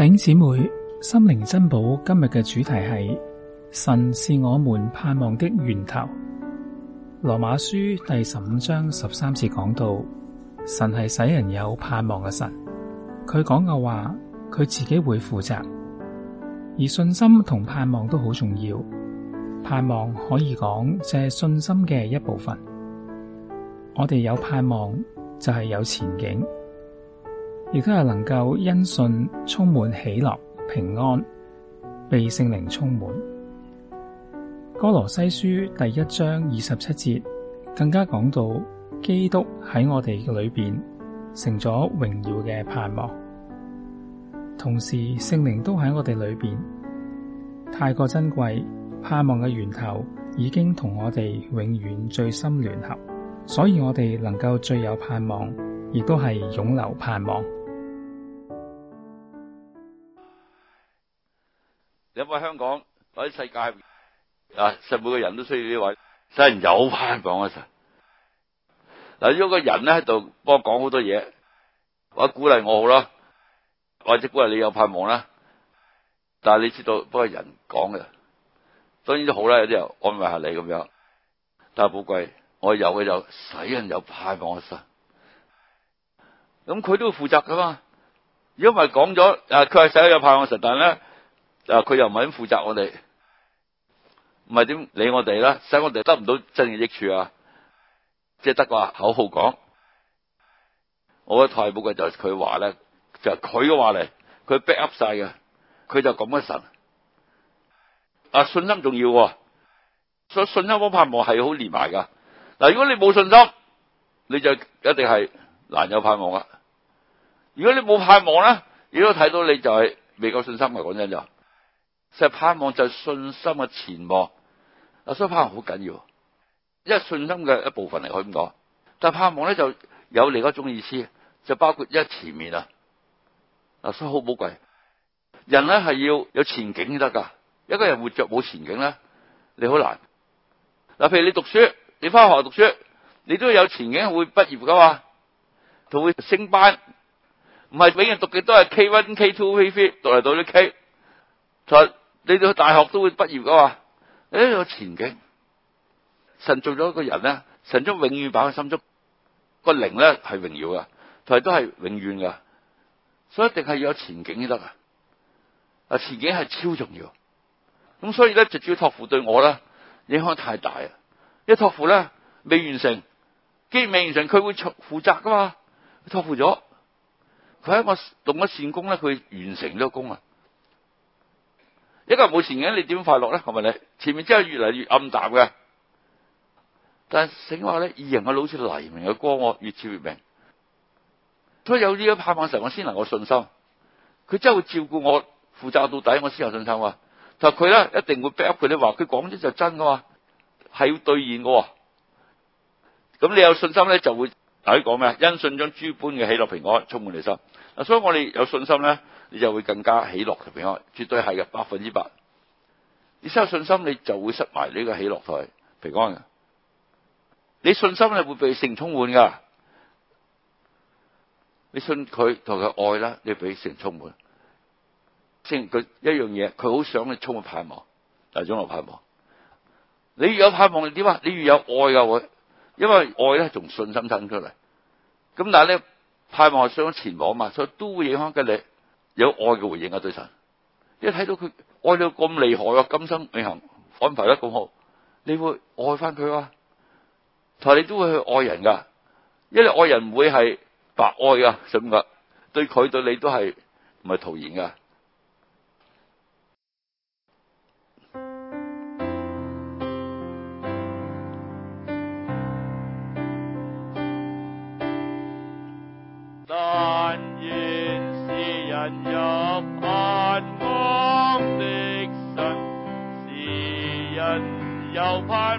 頂姊妹心靈珍寶，今日嘅主題係神是我們盼望的源頭。羅馬書第十五章十三節講到，神係使人有盼望嘅神。佢講嘅話，佢自己會負責。而信心同盼望都好重要，盼望可以講就係信心嘅一部分。我哋有盼望就係有前景。亦都係能夠因信充滿喜樂平安，被聖靈充滿。哥羅西書第一章二十七節更加講到基督喺我哋裏邊成咗榮耀嘅盼望，同時聖靈都喺我哋裏邊太過珍貴，盼望嘅源頭已經同我哋永遠最深聯合，所以我哋能夠最有盼望，亦都係湧流盼望。有冇香港或者世界啊？實每個人都需要呢位，使人有盼望嘅、啊、神。嗱，如果個人咧喺度幫我講好多嘢，或者鼓勵我好啦，或者鼓勵你有盼望啦。但係你知道，不過人講嘅，當然都好啦，有啲人安慰下你咁樣。但係寶貴，我有嘅就，使人有盼望嘅、啊、神。咁佢都要負責噶嘛？如果唔係講咗，誒，佢係使人有盼望嘅神，但係咧。啊！佢又唔肯咁負責我哋，唔係點理我哋啦，使我哋得唔到真正益處啊！即係得個口號講。我嘅太保嘅就係佢話咧，就係佢嘅話嚟，佢 back up 晒嘅，佢就咁嘅神啊！信心重要、啊，所以信心冇盼望係好連埋噶。嗱、啊，如果你冇信心，你就一定係難有盼望啦。如果你冇盼望咧，亦都睇到你就係未夠信心嘅。講真就。成日盼望就係信心嘅前望，嗱，所以盼望好緊要，因為信心嘅一部分嚟，佢咁講。但盼望咧就有另一種意思，就包括一前面啊，嗱，所以好寶貴。人咧係要有前景先得噶，一個人活着冇前景咧，你好難。嗱，譬如你讀書，你翻學讀書，你都有前景會畢業噶嘛，同會升班，唔係永遠讀嘅都係 K one、K two、K three，讀嚟到啲 K。就你到大學都會畢業噶嘛？誒，有前景。神做咗一個人咧，神將永遠擺喺心中，個靈咧係榮耀噶，同埋都係永遠噶，所以一定係要有前景先得啊！啊，前景係超重要。咁所以咧，就主要託付對我咧影響太大啊！一託付咧未完成，既然未完成，佢會負責噶嘛？託付咗，佢喺我動咗善工咧，佢完成咗工啊！一個人冇前景，你點快樂咧？係咪你，前面真係越嚟越暗淡嘅。但醒話咧，二人嘅腦似黎明嘅光，我越照越明。所以有呢個盼望時候，我先能夠信心。佢真會照顧我，負責到底，我先有信心啊！但佢咧一定會逼佢你話，佢講啲就真噶嘛，係要兌現噶。咁你有信心咧，就會大家講咩啊？因信將諸般嘅喜樂平安充滿你心。所以我哋有信心咧。你就會更加喜樂同平安，絕對係嘅，百分之百。你失去信心，你就會失埋呢個喜樂同平安。你信心係會被聖充滿噶，你信佢同佢愛啦，你俾聖充滿。聖佢一樣嘢，佢好想你充滿盼望，大種嘅盼望。你越有盼望，點啊？你越有愛嘅會，因為愛咧從信心生出嚟。咁但係咧，盼望係想前往啊嘛，所以都會影響緊你。有愛嘅回應啊，對神，一睇到佢愛到咁厲害啊，今生永恆安排得咁好，你會愛翻佢啊，但你都會去愛人噶，因為愛人唔會係白愛噶，咁噶，對佢對你都係唔係徒然噶。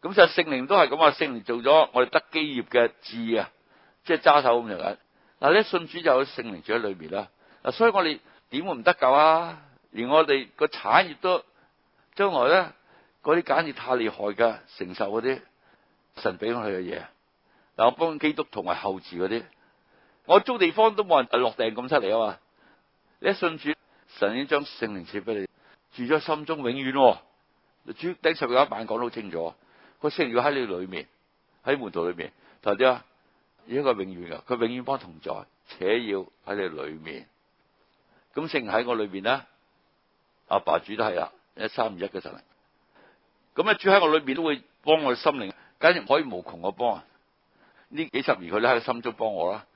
咁就聖靈都係咁話，聖靈做咗我哋得基業嘅字啊，即係揸手咁樣。嗱，呢信主就有聖靈住喺裏面啦。嗱，所以我哋點會唔得救啊？連我哋個產業都將來咧，嗰啲簡直太厲害㗎，承受嗰啲神俾我哋嘅嘢。嗱，我幫基督同埋後治嗰啲，我租地方都冇人落訂咁出嚟啊嘛。呢信主，神已經將聖靈賜俾你，住咗心中永遠啊。主第十一八講都好清楚。個聖要喺你裏面，喺門徒裏面，頭先話呢個永遠噶，佢永遠幫同在，且要喺你裏面。咁聖喺我裏邊咧，阿爸主都係啦，一三五一嘅神力。咁咧，主喺我裏邊都會幫我嘅心靈，簡直可以無窮嘅幫。呢幾十年佢都喺心中幫我啦，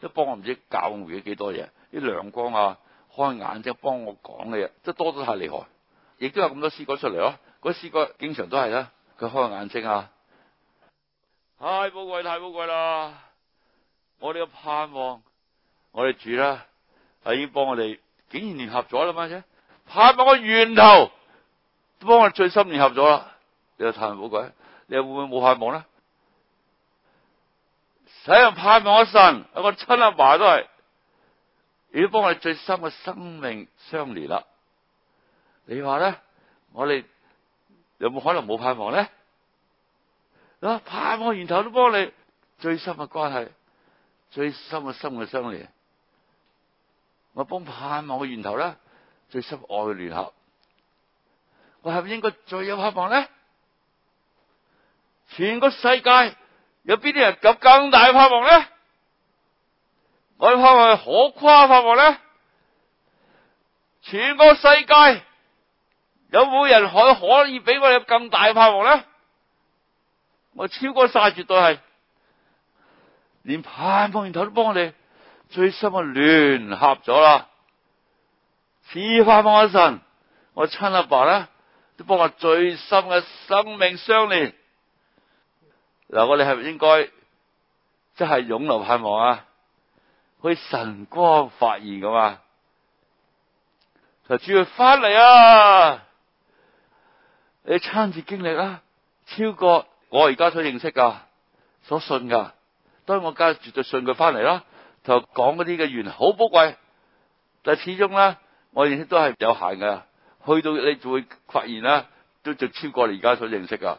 都幫我唔知教會咗幾多嘢，啲亮光啊，開眼睛幫我講嘅嘢，即係多得太厲害，亦都有咁多詩歌出嚟咯。嗰啲詩歌經常都係啦。佢開個眼睛啊、哎！太寶貴，太寶貴啦！我哋嘅盼望，我哋主啦，已經幫我哋竟然聯合咗啦嘛啫！盼望個源頭都幫我哋最深聯合咗啦！你又太寶貴，你又會唔會冇盼望咧？使人盼望嘅神，有個親阿爸都係，已經幫我哋最深嘅生命相連啦！你話咧，我哋。有冇可能冇盼望咧？啊，盼望源頭都幫你最深的關係，最深嘅關係，最深嘅心嘅相連，我幫盼望嘅源頭呢，最深愛嘅聯合，我係咪應該最有盼望咧？全個世界有邊啲人及更大盼望咧？我嘅盼望係可誇盼望咧？全個世界。有冇人可可以俾我哋咁大盼望咧？我超過晒，絕對係連盼望源頭都幫我哋最深嘅聯合咗啦。此盼望嘅神，我親阿爸咧都幫我最深嘅生命相連。嗱，我哋係咪應該即係湧流盼望啊？去神光發現噶嘛？就住佢翻嚟啊！你親自經歷啦，超過我而家所認識噶，所信噶，當我家絕對信佢翻嚟啦，就講嗰啲嘅緣好寶貴，但係始終咧，我認識都係有限嘅，去到你就會發現啦，都仲超過你而家所認識噶。